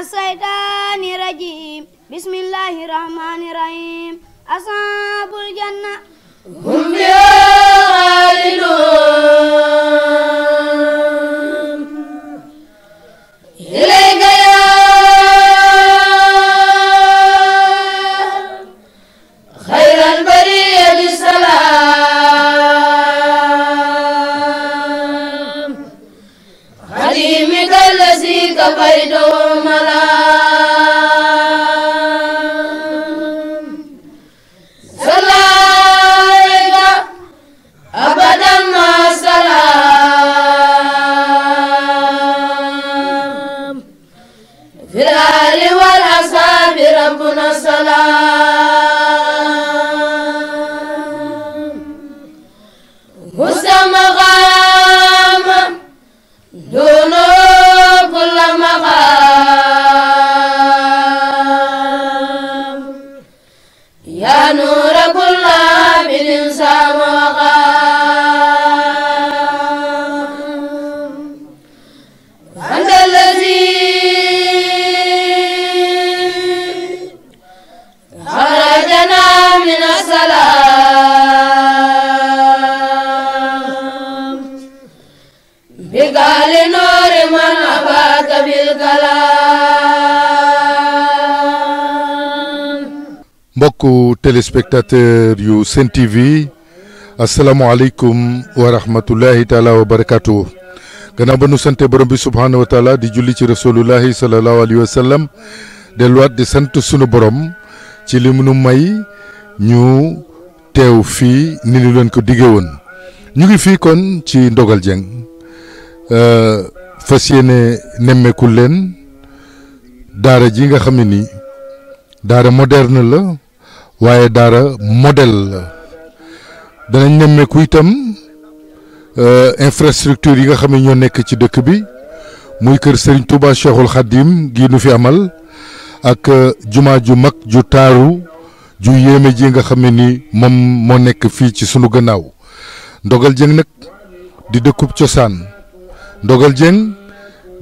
الشيطان الرجيم بسم الله الرحمن الرحيم أصحاب الجنة هم خالدون mbokk téléspectateur yu Sen TV asalaamualeykum wa rahmatullahi taala wa gannaaw ba nu sante borom bi subhaanahu wa di julli ci rasulullahi salallahu alayhi wa sallam delluwaat di sant sunu borom ci li mu may ñu teew fii ni ñu leen ko diggee ñu ngi fii kon ci Ndogal Dieng euh, fas yéene nemmeeku leen daara ji nga xam ne nii daara moderne la waaye daara modèle la danañ nemmeeku itam euh, infrastructure yi nga xam ne ñoo nekk ci dëkk bi muy kër Serigne Touba Cheikhul Khadim gi nu fi amal ak euh, jumaa ju mag ju taaru ju yéeme ji nga xam ne ni moom moo nekk fii ci sunu gannaaw Ndogal Dieng nag di dëkkub cosaan Ndogal Dieng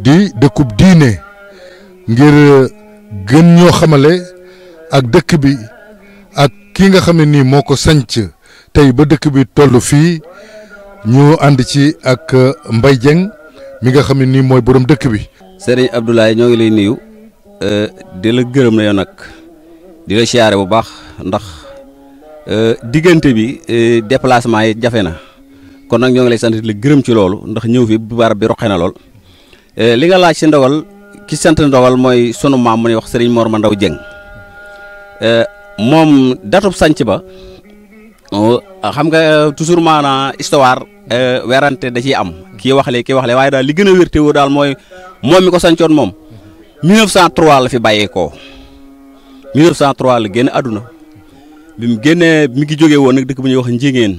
di dëkkub diine ngir euh, gën ñoo xamale ak dëkk bi. ak ki nga xam ne nii moo ko sanc tey ba dëkk bi tollu fii ñu ànd ci ak euh, Mbaye Dieng mi nga xam ne nii mooy boroom dëkk bi. Serigne Abdoulaye ñoo ngi lay nuyu euh, di la gërëm la yow nag di la siyaare bu baax ndax euh, diggante bi déplacement yi jafe na kon nag ñoo ngi lay sant di la gërëm ci loolu ndax ñëw fi barab bi roqe na lool li nga laaj si ndogal ki sant ndogal mooy sunu maam mu ñuy wax sëriñ Mor Ma Ndaw Dieng moom datub sanc ba xam nga toujours maanaam histoire e, werante da ciy am kii wax lee kii wax lee waaye daal li gën a wér daal mooy moom mi ko sancoon moom 1903 la fi bàyyeekoo 1903 la génn àdduna bi mu génnee mi ngi jóge woon nag dikk bu ñuy wax Njigéen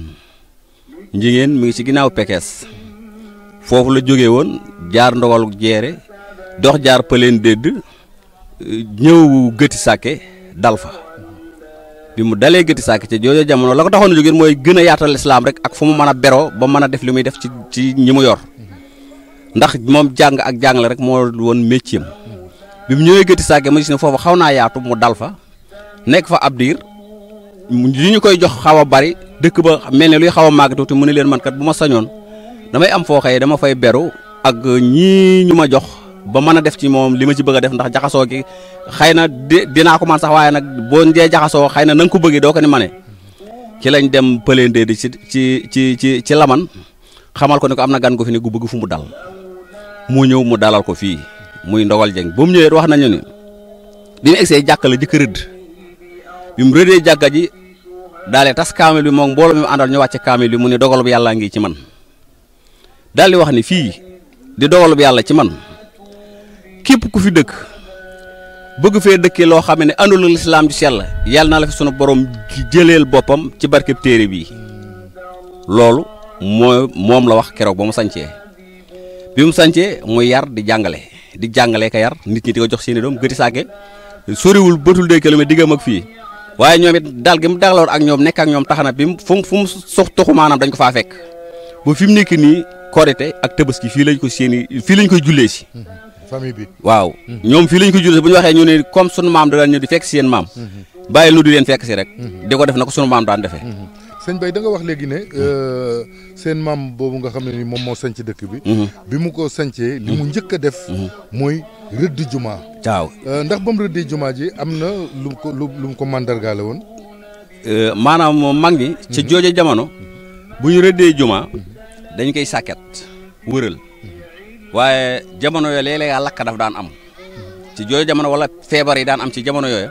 Njigéen mi ngi ci ginnaaw Pekes foofu la jóge woon jaar ndogalu jeere dox jaar pëleen dédd e, ñëw gëti sàkke dal fa bi mu dalee gëti sàkk ca joojo jamono la ko taxoon a jógeen mooy gën a yaatal lislaam rek ak fu mu mën a beroo ba mën a def li muy def ci ci ñi mu yor ndax moom jàng ak jàng la rek moo woon métier bi mu ñëwee gëti sàkke ma gis ne foofu xaw naa yaatu mu dal fa nekk fa ab diir li ñu koy jox xaw a bari dëkk ba mel ne luy xaw a màgg tuuti mu ne leen man bu ma sañoon damay am foo xëy dama fay beru ak ñii ñu ma jox ba mën a def ci moom li ma ci bëgg def ndax jaxasoo gi xëy na di dinaa ko man sax waaye nag boo njee jaxasoo xay na na ko bëggee doo ko ni mane ci lañ dem pëlendee di ci ci ci ci ci laman xamal ko ne ko am na gan ko fi ne gu bëgg fu mu dal mu ñëw mu dalal ko fii muy ndogal jeng ba mu ñëwee wax nañu ni bi mu egsee jàkka la jëkk rëdd bi mu rëddee jàkka ji daale tas kaamil bi moom mbooloo mi mu àndal ñu wàcce kaamil bi mu ne dogal bu yàlla ngi ci man daal di wax ni fii di dogal yàlla ci man képp ku fi dëkk bëgg fee dëkkee loo xam ne àndul ak lislaam ju sell yàlla na la fi sunu borom jëleel boppam ci barkeb téere bii loolu mooy moom la wax keroog ba mu sancee bi mu sancee muy yar di jàngale di jàngale ko yar nit ñi di ko jox seeni doom gëti saake soriwul bëtul deux kilomètres diggam ak fii waaye ñoom it dal gi mu dagaloon ak ñoom nekk ak ñoom tax na bi mu fu mu fu mu dañ ko faa fekk ba fi mu nekk nii korite ak tabaski fii lañ ko seeni fii lañ koy jullee si famille bi waaw. ñoom fii lañ ko jullee bu ñu waxee ñu ne comme sunu maam da daan ñëw di fekk si seen maam. bàyyi lu di leen fekk si rek. di ko def na ko sunu maam daan defee. sëñ Baye da nga wax léegi ne hmm. euh, seen maam boobu nga xam ne ni moom moo sanc dëkk bi. Hmm. bi mu ko sancee li mu hmm. njëkk a def. mooy rëdd jumaa. waaw euh, ndax ba mu rëddee jumaa ji am na lu ko lu mu ko mandargaale woon. Euh, maanaam mag ñi. ca jooja jamono. bu ñu rëddee jumaa dañ koy sàkket wëral. waaye jamono yooyu léeg-léeg yaa lakk daf daan am ci jooju jamono wala feebar yi daan am ci jamono yooyu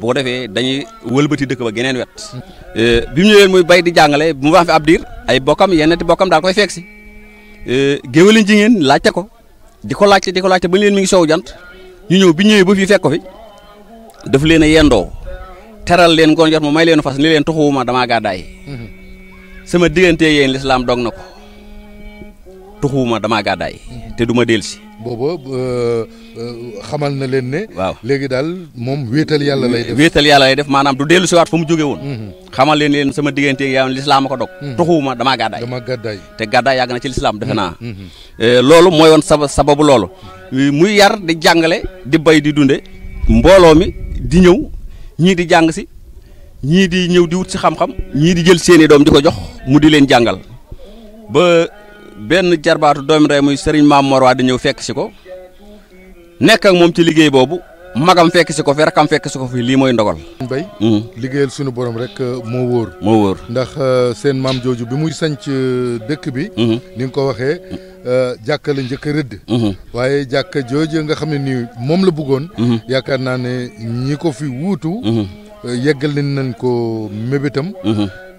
bu defee dañuy wëlbati dëkk ba geneen wet. Mm-hmm. Eh, bi mu ñëwee muy bay di jàngale mu wax fi ab diir ay bokkam yenn ti bokkam daal koy fekk si eh, géwél jigéen laajte ko di ko laajte di ko laajte ba leen mi ngi sow jant ñu ñëw bi ñëwee ba fii fekko fi daf leen a yendoo teral leen ngoon jot mu may leen fas ni leen tuxuwuma damaa gàddaay mm-hmm. sama diggante yéen lislaam dog na ko. tuxuwuma damaa gàddaay te du ma dellusi. booba euh, euh, xamal na leen ne. waaw léegi daal moom wéetal yàlla lay def wéetal yàlla lay def maanaam du dellu si waat fu mu jóge woon. Mhm. xamal leen leen sama digganteeg yaa lislaam ma ko dog. Mhm. tuxuwuma damaa gàddaay damaa gàddaay te gàddaay yàgg na ci lislaam defe naa. Mhm. Euh, loolu mooy woon saba sababu loolu. muy yar di jàngale di bay di dunde mbooloo mi di ñëw ñii di jàng si ñii di ñëw di wut si xam-xam ñii di jël seeni doom di ko jox mu di leen jàngal benn jarbaatu doom rey muy sëriñ maam moor waa di ñëw fekk si ko nekk moom ci liggéey boobu magam fekki si ko fi rakam fekk si ko fi lii mooy ndogal. bay hmm. liggéeyal sunu borom rek euh, moo wóor. moo wóor ndax euh, seen maam jooju bi muy sanc euh, dëkk bi. Hmm. ni nga ko waxee. Hmm. jàkka njëkk rëdd waaye jàkka jooju nga xam ne nii moom la buggoon yaakaar naa ne ñi ko fi wuutu yeggal nañ ko mébétam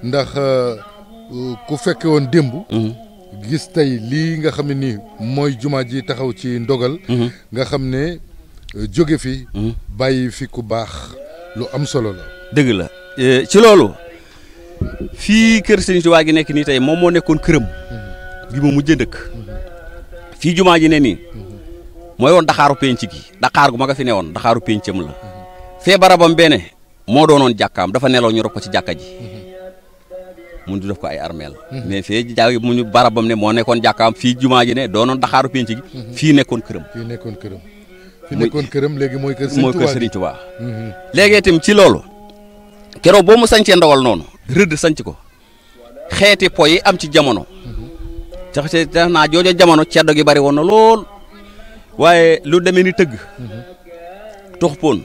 ndax ku fekke woon démb gis tey lii nga xam ne nii mooy jumaa ji taxaw ci ndogal mhm. nga xam ne euh, jóge fi mhm. bàyyi fi ku baax lu am solo la dëgg la euh, ci loolu fii kër Sëriñ Tuubaa gi nekk nii tey moom moo nekkoon këram gi mhm. mu mujj ndëkk fii jumaa ji ne nii mooy woon daxaaru penc gi daxaar gu ma fi ne woon daxaaru pencam la fee barabam bene moo doonoon jàkkaam dafa neloo ñu rob ko ci jàkka ji mun du def ko ay armeel mais fee jaay mu ñu barabam ne moo nekkoon jàkkaam fi jumaa ji ne doonoon daxaaru penc gi mhm. fii nekkoon këram fii nekkoon këram fi nekkoon këram léegi mooy kër Serigne Touba mhm. léegi itam ci loolu keroo boo mu sancee ndogal noonu rëdd sanc ko xeeti po yi am ci jamono mhm. tax te tax naa jooja jamono gi bari woon na lool waaye lu demee ni tëgg tux poon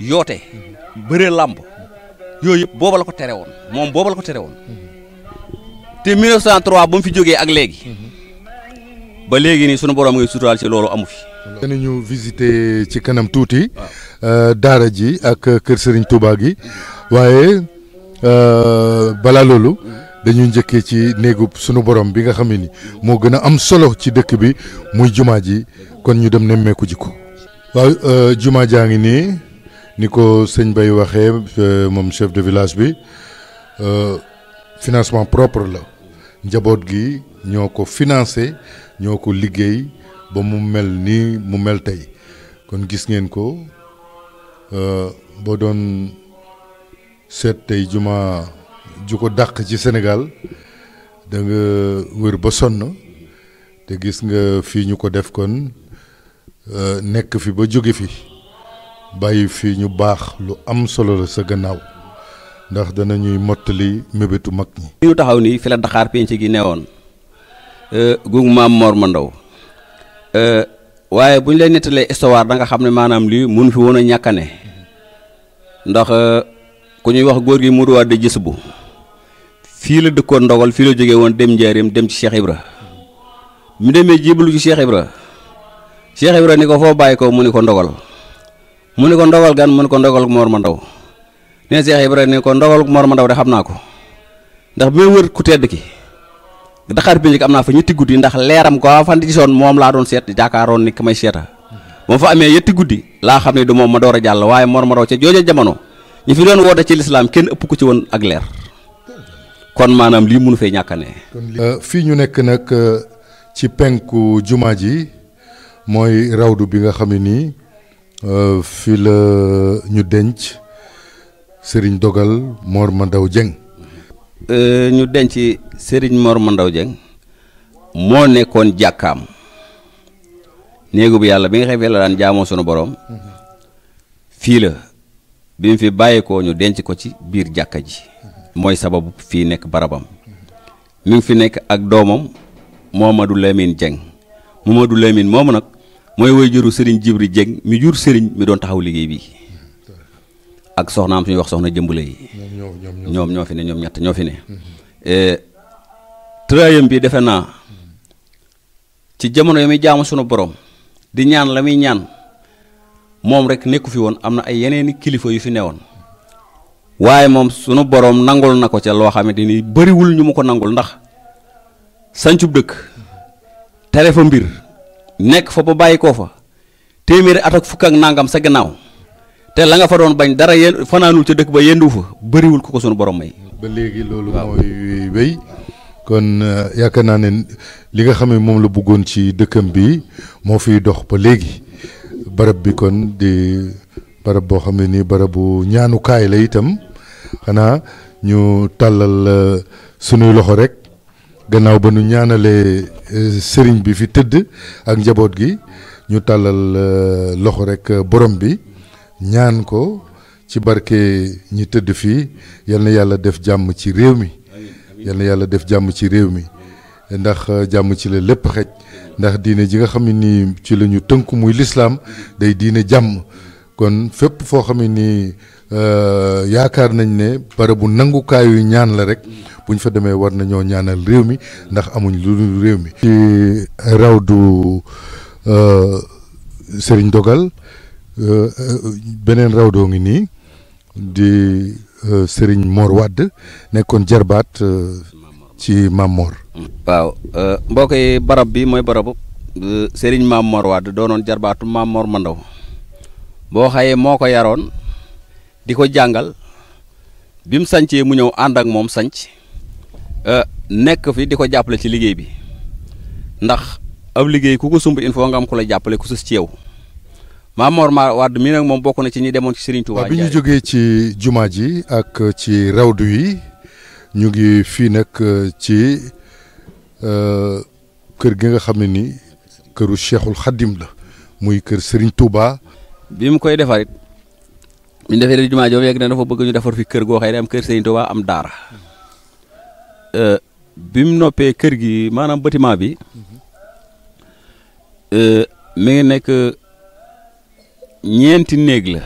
yoote bëre làmb yooyu yëpp booba la ko tere woon moom booba la ko tere woon te 1903 ba mu fi jógee ak léegi ba léegi nii sunu borom ngay suturaal ci loolu amu fi. dana ñu visiter ci kanam tuuti. Euh, daara ji ak kër sëriñ Touba gi waaye euh, balaa loolu. dañuy njëkkee ci néegu sunu borom bi nga xam ne ni moo gën a am solo ci dëkk bi muy jumaa ji kon ñu dem nemmeeku ji ko. waaw euh, jumaa jaa ngi nii. ni ko sëñ Bay waxee euh, moom chef de village bi euh, financement propre la njaboot gi ñoo ko financé ñoo ko liggéey ba mu mel nii mu mel tey kon gis ngeen ko euh, boo doon seet tey juma ju ko dàq ci Sénégal danga nga wër ba sonn te gis nga fii ñu ko def kon nekk fi ba jóge fi bàyyi fii ñu baax lu am solo la sa gannaaw ndax dana ñuy mottali mébétu mag ñi. fi taxaw nii fi la Dakar penc gi woon euh, gu maam Mor ma ndaw euh, waaye bu ñu lay nettalee histoire da nga xam ne maanaam lii mun fi woon a ñàkk ne ndax euh, ku ñuy wax góor gi Modou di gis fii la dëkkoon ndogal fii la jóge woon dem Njaaréem dem ci Cheikh Ibra mu demee jiiblu ci Cheikh Ibra Cheikh Ibra ni ko foo bàyyi ko mu ni ko ndogal. mu ne ko ndogal gan mu ni ko ndogal moor ma ndaw nee Seex Ibra ne ko ndogal moor ma ndaw de xam naa ko ndax bi may wër ku tedd ki daxaar bi njëkk am naa fa ñetti guddi ndax leeram ko waa fan di gisoon moom laa doon seet jaakaaroon ne ki may seeta ba fa amee yetti guddi laa xam ne du moom ma door a jàll waaye moor ma ndaw ca jooja jamono ñu fi doon woote ci lislaam kenn ëpp ko ci woon ak leer kon maanaam lii mënu fay ñàkkane euh, fii ñu nekk nag euh, ci penku jumaa ji mooy rawdu bi nga xam ne nii Euh, fii la ñu denc Serigne Dogal Mor Mandaw Dieng. Euh, ñu denc Serigne Mor Mandaw Dieng moo nekkoon jàkkaam néegu bu yàlla bi nga xam ne la daan jaamoo sunu borom fii la bi mu fi bàyyeekoo ñu denc ko ci biir jàkka ji mooy sabab fii nekk barabam mu ngi fi nekk ak doomam Momadou Lamine Dieng Momadou Lamine moomu nag. mooy woy juru Serigne Jibri Dieng mi jur sëriñ mi doon taxaw liggéey bi ak soxnaam suñuy wax soxna jëmbale yi. ñoom ñoo fi ne ñoom ñett ñoo fi ne. Eh, trayam bi defe naa ci jamono yi muy jaamu sunu boroom di ñaan la muy ñaan moom rek nekku fi woon am na ay yeneeni kilifa yu fi newoon waaye moom sunu boroom nangul na ko ca loo xamante ni bëriwul ñu mu ko nangul ndax sancub dëkk tere fa mbir. nekk fa ba bàyyi koo fa téeméeri at ak fukk ak nangam sa gannaaw te la nga fa doon bañ dara yéen fanaanul ca dëkk ba yendu fa bëriwul ko ko sunu borom may. ba léegi loolu mooy wéy kon euh, yaakaar naa ne li nga xam ne moom la bëggoon ci dëkkam bi moo fi dox ba léegi barab bi kon di barab boo xam ne nii barabu ñaanukaay la itam xanaa ñu tàllal euh, sunuy loxo rek. gannaaw ba nu ñaanalee euh, sëriñ bi fi tëdd ak njaboot gi ñu tàllal euh, loxo rek euh, borom bi ñaan ko ci barke ñi tëdd fii yal na yàlla def jàmm ci réew mi yàlla def jàmm ci réew mi ndax jàmm ci la lépp xej ndax diine ji nga xam ne nii ci la ñu tënku muy lislaam day diine jàmm kon fépp foo xam ne nii euh, yaakaar nañ ne pare bu nangukaayu ñaan la rek bu ñu fa demee war nañoo ñaanal réew mi ndax amuñ lu réew mi. ci rawdu euh, sëriñ Dogal euh, beneen rawdoo ngi nii di Serigne Mor Wade nekkoon jarbaat ci Maam Mor. waaw mbokk yi barab bi mooy barabu Serigne Maam moor wàdd doonoon jarbaatu Maam Mor Mandaw. boo xaye moo ko yaroon di ko jàngal bi mu sañcee mu ñëw ànd ak moom sanc euh, nekk fi di ko jàppale ci liggéey bi ndax ab liggéey ku ko sumb il nga am ku la jàppale ku sus ci yow Maam Mor Wade mii nag moom bokk na ci ñi demoon ci Serigne Touba. bi ñu jógee ci jumaa ji ak ci rawdu yi ñu ngi fii nag euh, ci euh, kër gi nga xam ne ni këru Cheikhul Khadim la muy kër sëriñ Touba. bi mu koy defarit ñu defee di jumaa jooju yegg na dafa bëgg ñu defar fi kër goo xëy am kër Serigne Touba am daara euh, bi mu noppee kër gi maanaam bâtiment bi euh, mi ngi nekk ñeenti néeg la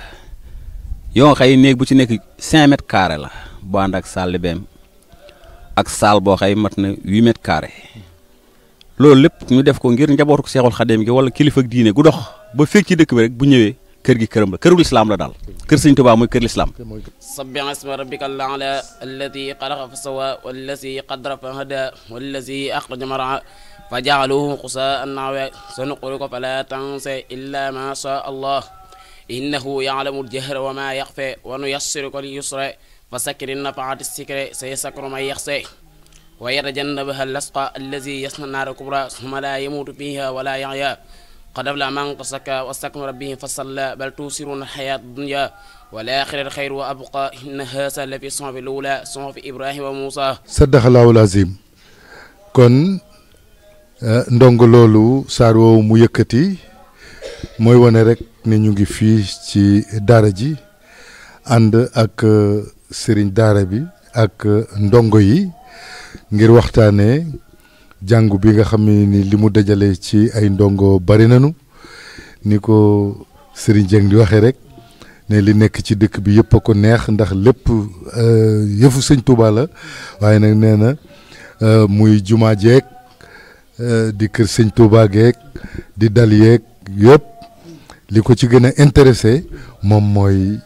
yoo nga xëy néeg bu ci nekk cinq mètres carré la bu ànd ak salle beem ak salle boo xay mat na huit mètres carré loolu lépp ñu def ko ngir njabootu Seexul Xadim gi wala kilifa ak diine gu dox ba fekk ci dëkk bi rek bu ñëwee kër gi këram la këru lislaam la daal kër sëñ Tuubaa mooy kër lislaam sabbi asma rabbika al-a'la allazi xalaqa fa sawwa wallazi qaddara fa hada wallazi axraja mar'a fa ja'alahu qusaan nahwa sanuqri'uka fala tansa illa ma sha Allah innahu ya'lamu al-jahra wa ma yaxfa wa nuyassiruka lil-yusra fasakkir in-nafa'ati as-sikra sayasakkaru man yaxsha wa yatajannabuha al-ashqa allazi yaslaa an-naara al-kubra thumma la yamutu fiha wa la yaxya qad aflaha man tazakka wa stakbara rabbihi fa salla bal tu'thiruna al-hayata ad-dunya wal akhiratu khayrun wa abqa inna hadha la fi suhufi al-ula suhufi ibrahima wa musa sadaqallahu al kon eh, ndongo loolu saar woowu mu yëkkati mooy wone rek ne ñu ngi fii ci daara ji ànd ak eh, sëriñ daara bi ak eh, ndongo yi ngir waxtaane jàngu bi nga xam ne ni li mu dajale ci ay ndongo bari nañu ni ko Serigne Dieng di waxee rek ne li nekk ci dëkk bi yëpp a ko neex ndax lépp euh, yëfu sëñ Touba la waaye nag nee na euh, muy juma jeeg euh, di kër sëñ Touba di dal yeeg yëpp li ko ci gën a intéressé moom mooy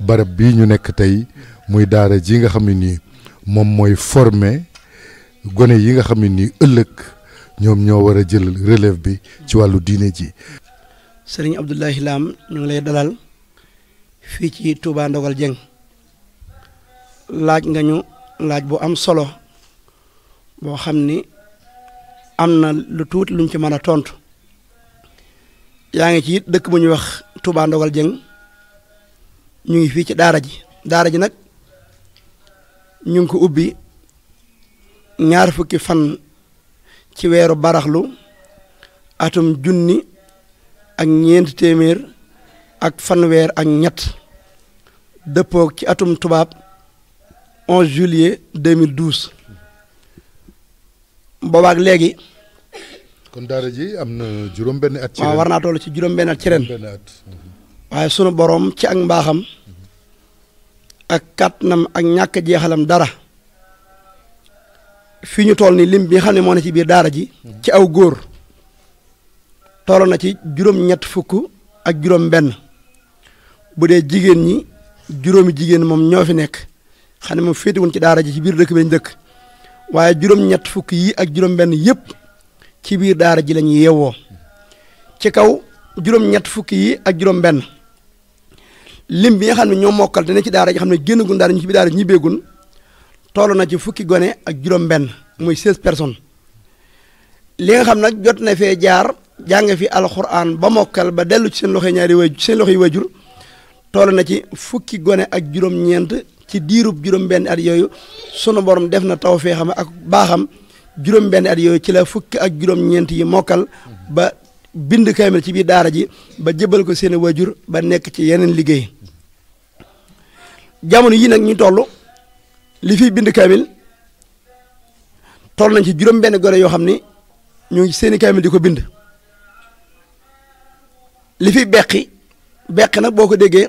barab bi ñu nekk tey muy daara ji nga xam ne nii moom mooy former. gone yi nga xam ne nii ëllëg ñoom ñoo war a jël relève bi ci wàllu diine ji. sëriñ Abdoulaye Lam ñu ngi lay dalal fii ci Touba Ndogal Dieng laaj nga ñu laaj bu am solo boo xam ni am na lu tuuti luñ ci mën a tontu yaa ngi ci dëkk bu ñuy wax Touba Ndogal Dieng ñu ngi fii ci daara ji daara ji nag ñu ngi ko ubbi. ñaar fukki fan ci weeru baraxlu atum junni ak ñeent téeméer ak fanweer ak ñett dëppoo ci atum tubaab 11 juillet 2012 boobaak léegi. kon daara am na juróom-benn at. ci waaw war naa ci juróom-benn at ci ren. Mhm. waaye sunu boroom ci ak mbaaxam. ak kàttanam ak ñàkk jeexalam dara. fii ñu toll ni lim bi xam ne moo ne ci biir daara ji ci aw góor toll na ci juróom-ñett fukk ak juróom benn bu dee jigéen ñi juróomi jigéen moom ñoo fi nekk xam ne moom féetewuñ ci daara ji ci biir dëkk bi lañ dëkk waaye juróom-ñett fukk yi ak juróom benn yëpp ci biir daara ji lañuy yewwoo ci kaw juróom-ñett yi ak juróom benn lim bi nga xam ne ñoo mokkal dana ci daara ji xam ne génnagun daara ñu ci biir daara ji ñibbeegun toll na ci fukki gone ak juróom-benn muy seize personnes li nga xam nag jot na fee jaar jàng fi alxuraan ba mokkal ba dellu ci seen loxo ñaari way seen loxo yi wajur toll na ci fukki gone ak juróom-ñeent ci diirub juróom-benn at yooyu sunu borom def na taw fee xam ak baaxam juróom-benn at yooyu ci la fukki ak juróom-ñeent yi mokkal ba bind kaamil ci biir daara ji ba jëbal ko seeni wajur ba nekk ci yeneen liggéey jamono yii nag ñu toll. li fiy bind kaamil toll nañ ci juróom-benn gone yoo xam ni ñu ngi seeni kaamil di ko bind li fiy beqi beqi nag boo ko déggee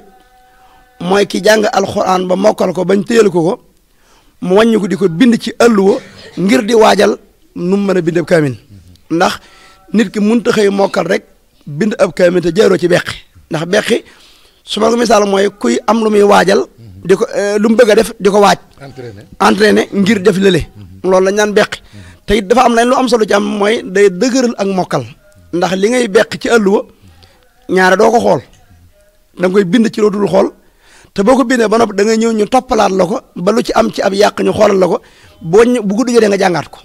mooy ki jàng alxuraan ba mokkal ko bañ téyal ko ko mu wàññi ko di ko bind ci alluwa ngir di waajal nu mu mën a bind ab kaamil ndax nit ki mënut a xëy mokkal rek bind ab kaamil te jaaroo ci beqi ndax beqi su ma ko misaal mooy kuy am lu muy waajal. di ko eh, lu mu bëgg a def di ko waaj. entraîner entraîner ngir def lële. Mhm. loolu la ñu naan beqi te it dafa am leneen lu am solu ci am mooy day dëgëral ak mokkal ndax li ngay beq ci wa ñaare doo ko xool da koy bind ci loo dul xool te boo ko bindee ba noppi da ngay ñëw ñu toppalaat la ko ba lu ci am ci ab yàq ñu xoolal la ko boo ñu bu guddi jotee nga jàngaat ko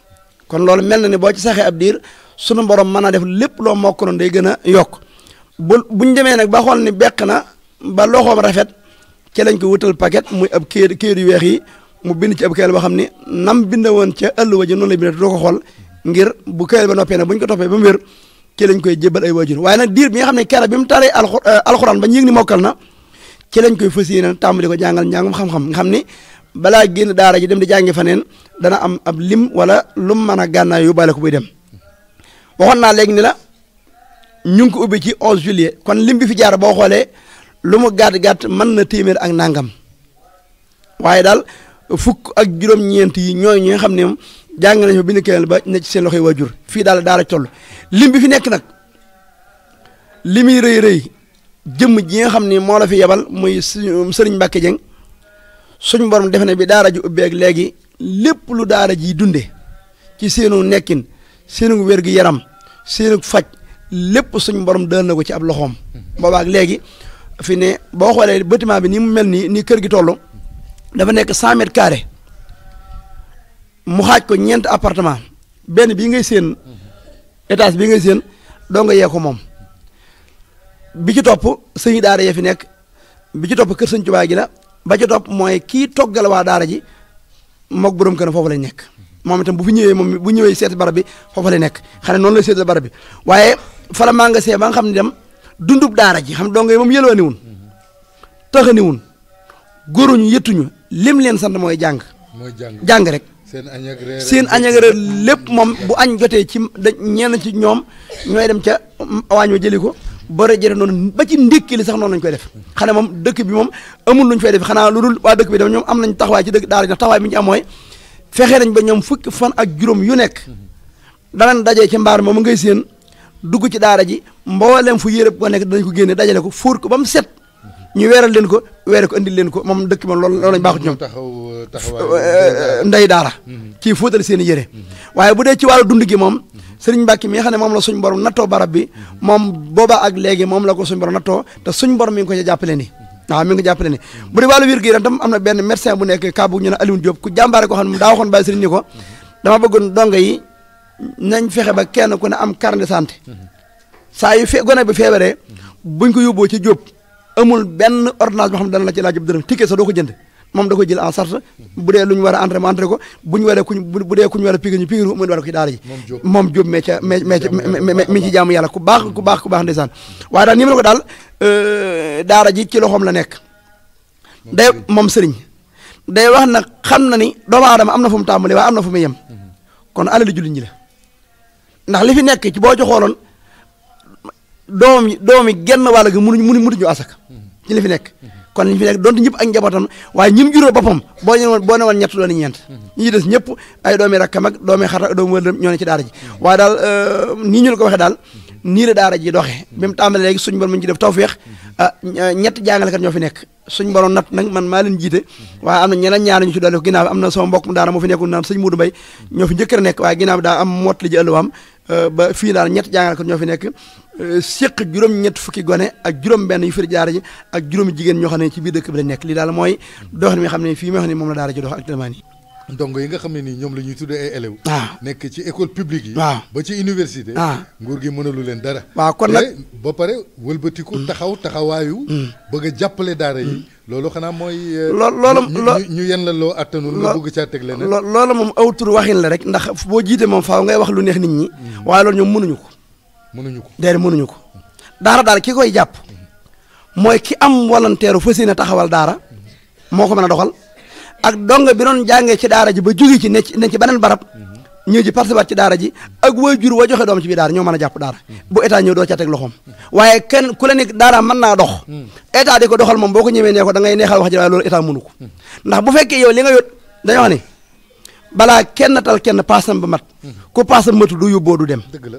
kon loolu mel na ni boo ci saxee ab diir sunu borom mën a def lépp loo mokkaloon day gën a yokk bu bu ñu demee nag ba xool beq na ba loxoom rafet. ca lañ ko wutal paquet muy ab kër kër yu weex yi mu bind ci ab kayil boo xam ne nam bind woon ca ëlluwa ji noonu la bindee doo ko xool ngir bu kayil ba noppee na bu ñu ko toppee ba mu wér ci lañ koy jébbal ay waajur waaye na diir bi nga xam ne keroog bi mu taalee alxu euh, alxuraan ba ñu yëg mokkal na ci lañ koy fas yéene tàmbali ko jàngal njàngum xam-xam nga xam ni balaa génn daara ji dem di jàngi faneen dana am ab lim wala lum mën a gànnaay yóbbaale ko buy dem naa léegi la ñu ngi ko ubbi ci 11 juillet kon lim bi fi jaar boo xoolee lu mu gàtt gàtt mën na téeméer ak nangam waaye daal fukk ak juróom-ñeent yi ñooy ñi nga xam ne moom jàng nañ fa bind keneen ba ne ci seen loxoy waajur fii daal daal toll lim bi fi nekk nag li muy rëy rëy jëmm ji nga xam ni moo la fi yebal muy sëriñ Mbacke Dieng suñu borom defe na bi daara ji ubbeeg léegi lépp lu daara ji dunde ci seenu nekkin seenu wér-gu-yaram seenu faj lépp suñu borom dël ci ab loxoom mm-hmm. boobaak léegi. fi ne boo xoolee bâtiment bi nii mu mel nii nii kër gi toll dafa nekk cent mètres carrés mu xaaj ko ñeent appartement benn bii ngay séen étage bi ngay séen doo nga yee ko moom bi ci topp sëñ daara yee fi nekk bi ci topp kër sëñ Tuubaa gi la ba ci mooy kii toggal waa daara ji moog borom kër foofu la nekk moom itam bu fu ñëwee moom bu ñëwee seet barab bi foofu lay nekk xane noonu la seet barab bi waaye fala maa nga see ba nga xam ne dem dundub daara ji xam dongo yi moom yëlwaaniwun taxaniwun góoruñu yëttuñu lim leen sant mooy jàng jàng rek seen añ ak reer lépp moom bu añ jotee ci da ñenn ci ñoom ñooy dem ca waañ wa jëli ko bara jëre noonu ba ci ndékki li sax noonu lañ koy def xanaa moom dëkk bi moom amul luñ fay def xanaa lu dul waa dëkk bi dama ñoom am nañ taxawaay ci dëkk daara ndax taxawaay bi ñu amooy mooy fexe nañ ba ñoom fukki fan ak juróom yu nekk danañ dajee ci mbaar moom ngay seen dugg ci daara ji mboolem fu yére ko nekk danañ ko génne dajale ko fóor ko ba mu set ñu weeral leen ko weere ko indil leen ko moom dëkk man loolu loolu lañ baaxut ñoom eh, ndey eh, daara ci fóotal seen i yére waaye bu dee ci wàllu dund gi moom sëriñ Mbàkke mi nga xam ne moom la suñ borom nattoo barab bi moom boobaa ak léegi moom la ko suñ borom nattoo te suñ borom mi ko ca jàppale ni waaw mi ngi ko jàppale ni bu dee wàllu wér gi yaram tam am na benn médecin bu nekk kàbbu ñu ne Alioune Diop ku jàmbaare koo xam ne daa waxoon bàyyi sëriñ ni ko dama bëggoon donga yi nañ fexe ba kenn ku am carnet de saa yu fee gone bi feebaree buñ ko yóbboo ci Jóob amul benn ordonnance boo xam ne dana la ci laaj dërëm ticket sa doo ko jënd moom da ko jël en charge bu dee lu ñu war a entré mu entré ko bu ñu waree kuñ bu dee ku ñu war a piqué ñu piqué ko ci daara ji moom Jóob mais ca mais mais mi ci jaamu yàlla ku baax ku baax ku baax ndeysaan waaye daal ni ma ko daal euh, daara ji ci loxoom la nekk day moom sëriñ day wax nag xam na ni doomu aadama am na fu mu tàmbalee waaye am na fu mu yem mhm. kon alali jullit ñi la ndax li fi nekk ci boo ci xooloon doom yi doom yi genn wàll gi mënuñ mënuñ mënuñu asaka ci li fi nekk kon li fi nekk donte ñëpp ak njabootam waaye ñim juróo boppam boo ñu woon boo ne woon ñett doon ñeent ñi des ñëpp ay doomi rakkam ak doomi xar ak doomi wërdëm ñoo ne ci daara ji waaye daal euh, nii ñu la ko waxee daal nii la daara ji doxee bi mu tàmbalee léegi suñu borom ñu ci def tawféex ah, ñett jàngalekat ñoo fi nekk suñu borom nat nag man maa leen jiite waaye am na ñeneen ñaar ñu ci dolli ko ginnaaw am na sama mbokk daara moo fi nekkul naan sëñ Muudu Mbay ñoo fi njëkkër nekk waaye ginnaaw daa am mot li ji ëlluwaam euh, ba fii daal ñett jàngalekat ñoo fi nekk Euh, séq juróom ñett fukki gone ak juróom benn yu fi daara ji ak juróom jigéen ñoo xam ne ci biir nekk li daal mooy doxin mi xam ne fii may xam ne moom la nga xam ne nii ñoom la ñuy tuddee ay élèves waaw ah. nekk ci école publique yi waaw ah. ba ci université waaw ah. nguur gi mënalu leen dara waaw kon nag ba pare wëlbatiku taxaw taxawaayu hmm. bëgg jàppale daara yi hmm. loolu xanaa mooy euh, lool loolu ñu yen la loo attanul nga bëgg caa teg leen loolu moom aw tur waxin la rek ndax boo jiite moom faaw ngay wax lu neex nit ñi hmm. waaye loolu ñoom mënuñu ko mënuñu ko déedéet mënuñu ko daara daal ki koy jàpp mooy ki am volontaire fas a taxawal daara moo ko man a doxal ak donga bi doon jàngee ci daara ji ba jóge ci ne ci ne ci beneen barab ñëw ji participer ci daara ji ak waajur wa joxe doom ci biir daara ñoo man a jàpp daara bu état ñëw doo ca teg loxoom waaye kenn ku la ne daara mën naa dox état di ko doxal moom boo ko ñëwee nee ko da ngay neexal wax ji waaye loolu état mënu ko ndax bu fekkee yow li nga yót dañoo ne balaa kenn tal kenn paasam ba mat ku paasam matu du yóbboo du dem dëgg la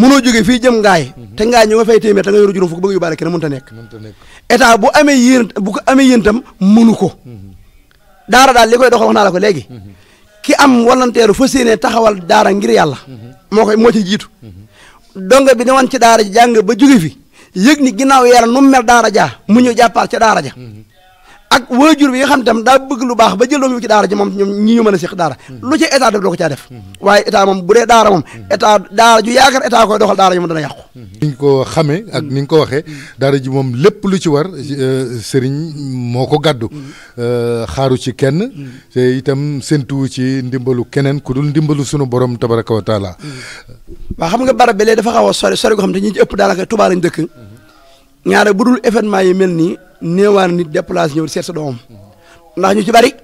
mënoo jógee fii jëm ngaay mhm. te ngaay ñu nga fay téeméer te nga yoru juróom fukk bëgg yóbbaale kenn mënta nekk état bu amee yéen bu ko amee yéen tam mënu ko mhm. daara daal li koy doxal wax naa la ko léegi mhm. ki am walanteeru fa séenee taxawal daara ngir yàlla moo koy moo ci jiitu donga bi ne wan ci daara ji jàng ba jóge fi yëg ni ginnaaw yàlla nu mu mel daara jaa mu ñëw jàppaat ca daara ja ak waajur bi nga xam tam daa bëgg lu baax ba jëloo ñu moom ñoom ñi ñu mën daara hmm. lu ci état def doo ko caa def hmm. waaye état moom bu daara moom hmm. état daara ju yaakaar état koy doxal daara ji moom dana yàqu ni nga ko xamee ak ni ko waxee daara ji moom lépp lu ci war euh, sëriñ moo ko gàddu euh, xaaru ci kenn te itam séntuwu ci ndimbalu keneen ku dul ndimbalu sunu borom tabaraka wa taala waaw xam nga barab bi léegi dafa xaw a sori sori xam te ñi ci ëpp daanaka Tuubaa lañ dëkk néewaan nit déplacé ñëw seet sa doomam ndax ñu ci bari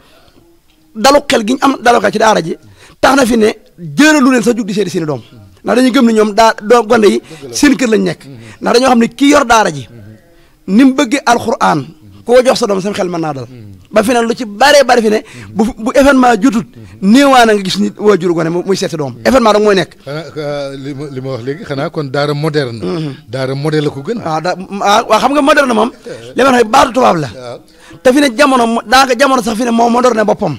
dalu xel gi am dalu xel ci daara ji tax na fi ne jëralu leen sax jug di seeti seen i doom ndax dañuy gëm ne ñoom daa doo gonde yi seen kër lañ nekk ndax dañoo xam ne kii yor daara ji ni mu bëggee alxuraan ko jox sa doom sam xel ma naadal ba fi ne ci bare bare fi ne bu bu événement jotut néewaa na ngi gis nit jur gone muy seeti doom mm-hmm. événement rek mooy nekk xanaa li ma wax léegi xanaa kon daara moderne mm-hmm. daara modèle la ko gën waaw ah, da ah, waaw xam nga moderne moom li ma wax baatu tubaab la te fi ne jamono daanaka jamono sax fi moo moom moderne boppam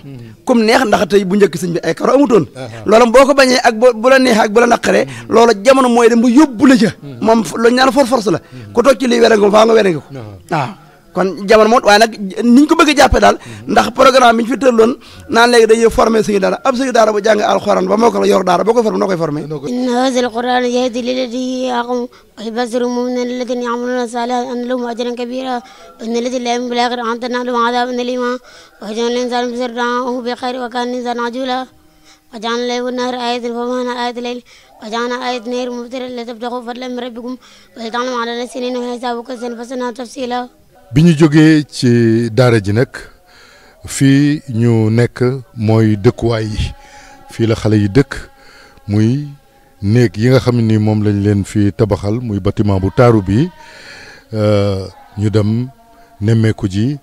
comme mm-hmm. neex ndax tey bu njëkk sëñ bi ay karo amutoon uh-huh. loolu boo ko bañee ak bu la neexee ak bu la naqaree loolu jamono mooy dem ba yóbbu la ca moom lu ñaan for force la ku toog ci lii were nga faa nga ko uh-huh. ah. kon jamono moom waaye nag ni ñu ko bëgg a jàppee mhm. ndax programme bi ñu fi tërloon naan léegi dañuy former suñu daara ab suñu daara bu jàng alxuraan ba moo ko la yor daara boo koy formé noo koy formé inna haazal qur'aana yahdii lillatii hiya aqwam wa yubashshiru l-mu'miniina allaziina ya'maluuna s-saalihaati anna lahum ajran kabiiran wa anna allaziina laa yu'minuuna bil-aaxirati 'adaa lahum 'adaabun aliiman wa ja'alnaa l-insaana mustaqran bil khayri wa kaana l-insaanu 'ajuulaa wa ja'alnaa al-layla wan-nahaara aayatayni fa mahanaa aayata wa ja'alnaa aayata n-nahaari s-siniina bi ñu jógee ci daara ji nag fii ñu nekk mooy dëkkuwaay yi fii la xale yi dëkk muy néeg yi nga xam ni moom lañ leen fi tabaxal muy bâtiment bu taaru bi ñu dem nemmeeku ji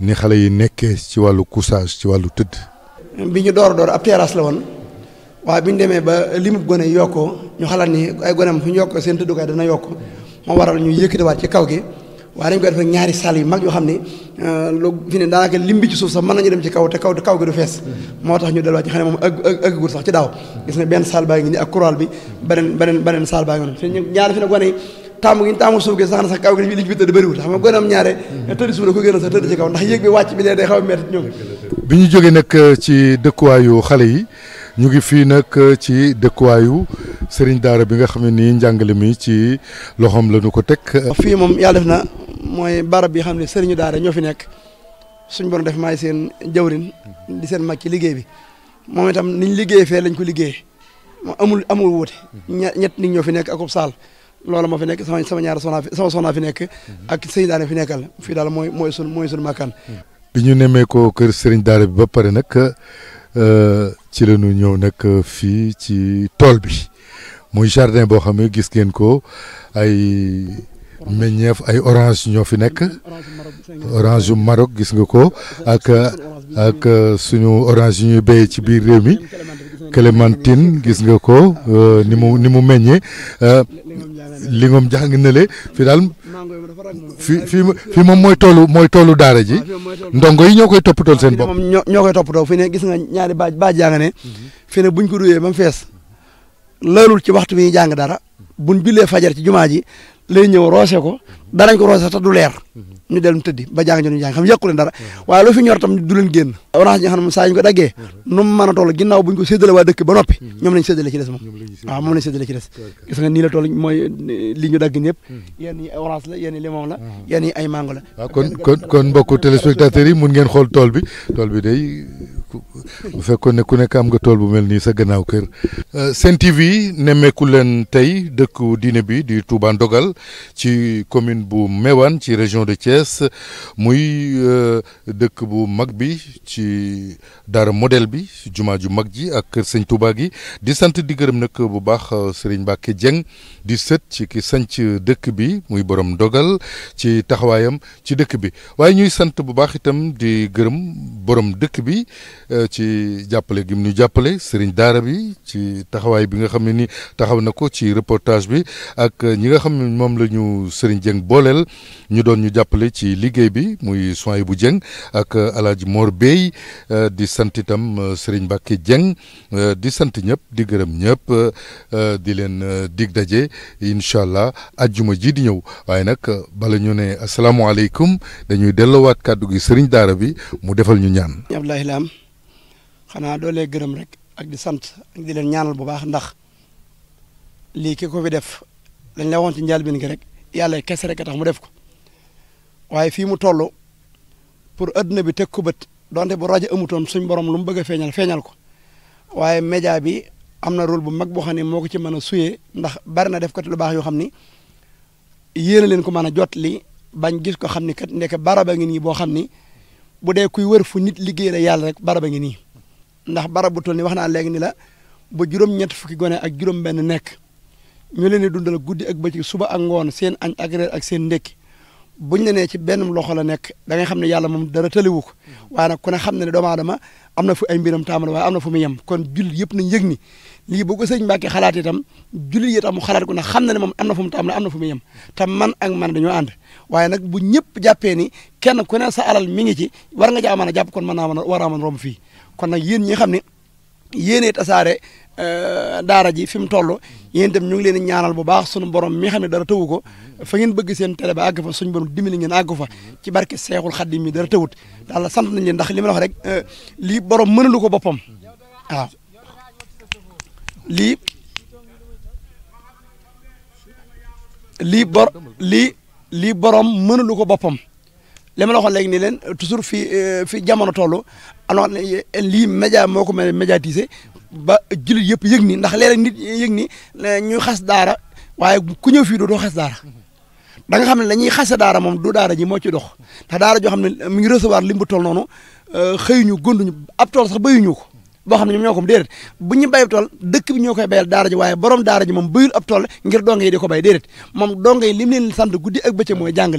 ni xale yi nekkee ci wàllu couchage ci wàllu tëdd. bi ñu door door ab terrasse la woon waaye bi ñu demee ba li mu gone yokkoo ñu xalaat ni ay goneem fu ñu yokkoo seen tëddukaay dana yokk moo waral ñu yëkkatiwaat ci kaw gi. waaye dañ koy def ñaari salle yu mag yoo xam ne euh, lu fi ne daanaka lim ci suuf sax mën nañu dem ci kaw te kaw te kaw gi du fees moo tax ñu delluwaat ci xam ne moom ëgg ëggul sax ci daaw gis nga benn salle baa ngi nii ak kuréel bi beneen beneen beneen salle baa ngi noonu ñaari fi ne gone taamu suuf gi sax na sax kaw gi li ñu fi tëdd bëriwul xam nga gone am ñaare tëdd suuf la ko gën a sax tëdd ci kaw ndax yéeg bi wàcc bi lee day xaw a metti ñoom bi ñu jógee nag euh, ci dëkkuwaayu xale yi ñu ngi fii nag euh, ci dëkkuwaayu sëriñ daara bi nga xam ne nii njàngale mi ci loxoom la ñu ko teg. Euh, fii moom yàlla def na mooy barab bi xam ne sëriñu daara ñoo fi nekk suñ borom def maay seen jawrin di seen mag ci liggéey bi moom itam niñ liggéey fee lañ ko liggéey moom amul amul wuute. ñett nit ñoo fi nekk akub saal. loolu moo fi nekk sama sama ñaar soxnaa fi sama soxnaa fi nekk ak sëñ daara fii daal mooy mooy sun mooy sunu makkaan bi ñu nemee kër sëriñ daara bi ba pare nag Euh, ci la ñëw nag fii ci tool bi muy jardin boo xam ne gis ngeen ko ay meññeef ay orange ñoo fi nekk orange yu Maroc gis nga ko ak ak suñu orange yu ñuy béyee ci biir réew mi clémentine gis nga ko euh, ni mu ni mu meññee euh, li moom jàng na le fi daal fii fi fi moom mooy toolu mooy toolu daara ji ah, ndongo yi ñoo koy toppatool ah, seen bopp. moom ñoo koy toppatoo fi ne gis nga ñaari baaj baaj yaa nga ne mhm. fi ne buñ ko duyee ba mu fees loolul ci waxtu bi ñuy jàng dara buñ jullee fajar ci jumaa ji lay ñëw roose ko danañ ko roose te du mhm. ñu dellu tëddi ba jàng ñu jàng xam yàqu leen dara waaye lu fi ñor tam du leen génn orange ñi nga xam ne saa ñu ko daggee mhm. nu mu mën a toll ginnaaw buñ ko séddale waa dëkk ba noppi mhm. ñoom lañ séddale ci des moom la toll mooy li ñu dagg ñëpp yenn kon kon kon mbokku téléspectateurs yi mun ngeen xool tool bi tool bi day bu fekkoon ne ku nekk am nga tool bu mel nii sa gannaaw kër euh, Sen TV nemmeeku leen tey dëkku diine bi di Touba Ndogal ci commune bu Méouane ci région de Thiès muy euh, dëkk bu mag bi ci daara modèle bi jumaa ju mag ji ak kër sëñ Touba gi di sant di gërëm nag bu baax euh, Serigne Mbacke Dieng di sët ci ki sanc dëkk bi muy borom dogal ci taxawaayam ci dëkk bi waaye ñuy sant bu baax itam di gërëm borom dëkk bi euh, ci jàppale gi mu ñu jàppale Serigne daara bi ci taxawaay bi nga xam ne ni taxaw na ko ci reportage bi ak ñi nga xam moom lañu ñu Serigne booleel ñu doon ñu jàppale ci liggéey bi muy soin bu jëng ak alaaji moor Bey euh, di sant itam euh, Serigne Mbacke Dieng euh, di sant ñëpp di gërëm ñëpp di leen dig daje incha allah ajjuma ji di ñëw waaye nag bala ñu ne asalaamaaleykum dañuy delloowaat kàddu gi Serigne Daara bi mu defal ñu ñaan. Abdoulaye Lam xanaa doolee gërëm rek ak di sant ak di leen ñaanal bu baax ndax lii ki ko fi def dañ la woon ci njëlbéen gi rek yàlla kese rek a tax mu def ko waaye fii mu toll pour adduna bi teg ko bët donte bu rajo amutoon suñ borom lu mu bëgg a feeñal feeñal ko waaye média bi am na rôle bu mag boo xam ne moo ko ci mën a suye ndax bari na def ko lu baax yoo xam ni yéen a leen ko mën a jot li bañ gis ko xam ni kat ndeke baraba ngi nii boo xam ni bu dee kuy wër fu nit liggéey la yàlla rek baraba ngi nii ndax barab bu toll ni wax naa léegi ni la ba juróom-ñett fukki gone ak juróom nekk. ñu leen di dundal guddi ak bëccëg suba ak ngoon seen añ ak reer ak seen ndekki buñ ne nee ci benn loxo la nekk da ngay xam ne yàlla moom dara tëliwu ko waaye nag ku ne xam ne ne doomu aadama am na fu ay mbiram tàmbali waaye am na fu mu kon jullit yëpp nañ yëg ni lii bu ko sëñ Mbàkke xalaat itam jullit yi tam mu xalaat ko ndax xam na ne moom am na fu mu am na fu mu yem te man ak man dañoo ànd waaye nag bu ñëpp jàppee ni kenn ku ne sa alal mi ngi ci war nga caa mën a jàpp kon mën naa mën a war a mën romb fii kon nag yéen ñi xam ne yéenee tasaare euh, daara ji fi mu toll yéen itam ñu ngi leen di ñaanal bu baax sunu borom mi xam ne dara tawu ko fa ngeen bëgg seen télé ba àgg fa suñu borom dimbali ngeen àgg fa ci barke Seexul Xaddim mi dara tëwut daal la sant nañ leen ndax li ma la wax rek euh, lii borom mënalu ko boppam waaw lii lii lii borom mënalu ko boppam li ma léegi nii leen toujours fi euh, fi jamono toll anoon lii média moo ko mel médiatiser ba jullit yëpp yëg ni ndax léeg-léeg nit yëg ni ñuy xas daara waaye ku ñëw fii doo xas daara da nga xam ne dañuy xase daara moom du daara ji moo ci dox ndax daara joo xam ne mu ngi recevoir lim bu toll noonu euh, xëyuñu ñu ab tool sax béyuñu ko boo xam ne ñoom ñoo ko déedéet bu ñu bay tool dëkk bi ñoo ko béyal daara ji waaye borom daara ñu moom béyul ab tool ngir donge yi di ko bay déedéet moom donge yi lim leen sant guddi ak bëccëg mooy jàng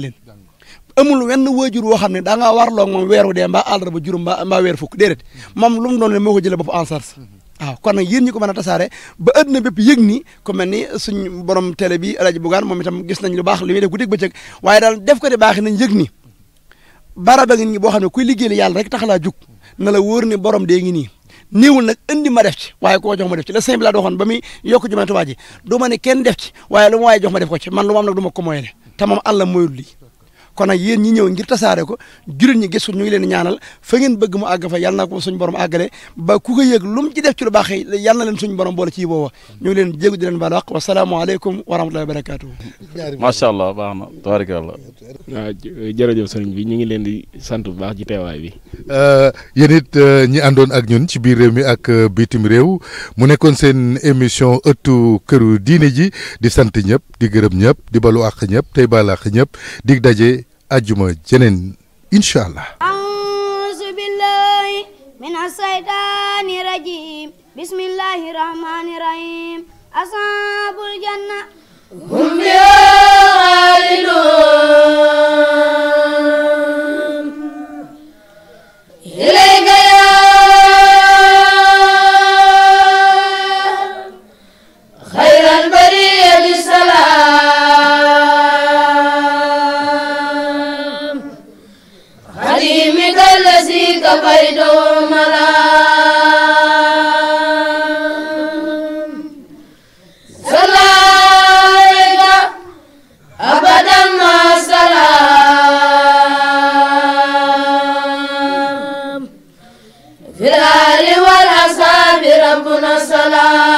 amul wenn waajur woo xam ne da ngaa warloo moom weer wu dee mbaa àllarba juróom mbaa weer fukk déedéet moom lu mu doon ne moo ko jëlee bopp en charge kon nag ñi ko mën a tasaare ba àddina bépp yëg ni ku mel ni borom télé bi El Hadj Bougane moom itam gis nañ baax li muy def guddeeg waaye daal def ko de baax nañ yëg ni baraba ngi nii boo xam ne kuy liggéeyal yàlla rek tax laa jug na la wóor ni borom dee ngi nii néewul nag indi ma def ci waaye koo jox ma def ci la sëñ bi ba muy yokk jumaa Tuubaa ji du ma ne kenn def ci waaye lu ma waaye jox ma def ko ci man lu ma am nag du ma ko moyene te moom àlla moyul lii kon nag yéen ñi ñëw ngir tasaare ko jullit ñi gis ñu ngi leen ñaanal fa ngeen bëgg mu àgg fa yal na ko suñu borom àggale ba ku ko yëg lu mu def ci lu baax yal na leen suñu borom boole ci booba ñu ngi leen jéegu di leen baal wax wasalaamaaleykum wa rahmatullahi wa barakaatu. macha allah baax na tabaarakallah. waaw jërëjëf sëriñ bi ñu ngi leen di sant bu baax ci teewaay bi. Euh, yéen it euh, ñi àndoon ak ñun ci biir réew mi ak euh, biitim réew mu nekkoon seen émission ëttu këru diine ji di sant ñëpp di gërëm ñëpp di balu àq ñëpp tey baal àq ñëpp dig daje àjjuma jeneen incha allah aouzu min asaytaani rajim bismillahi rahmani rahim janna hum fiha khalidun ربنا صلاه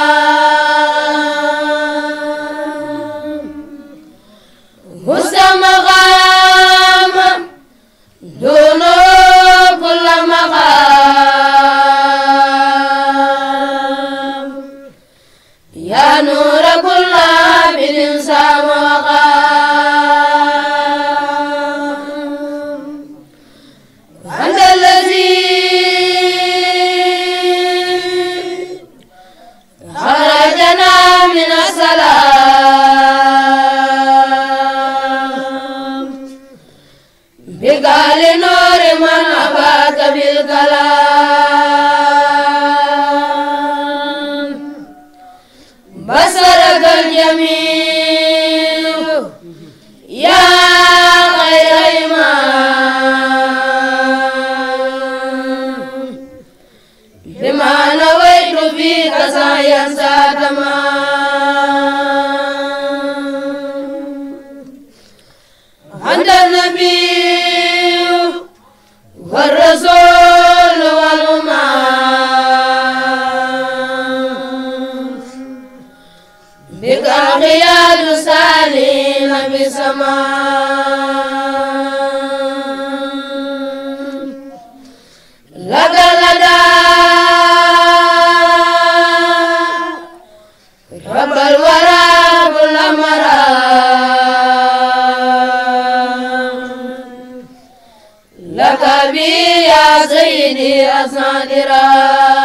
yansatama anta nabiyu wa rasul wal umam bika xiyadu salima bi sama سيدي أسنان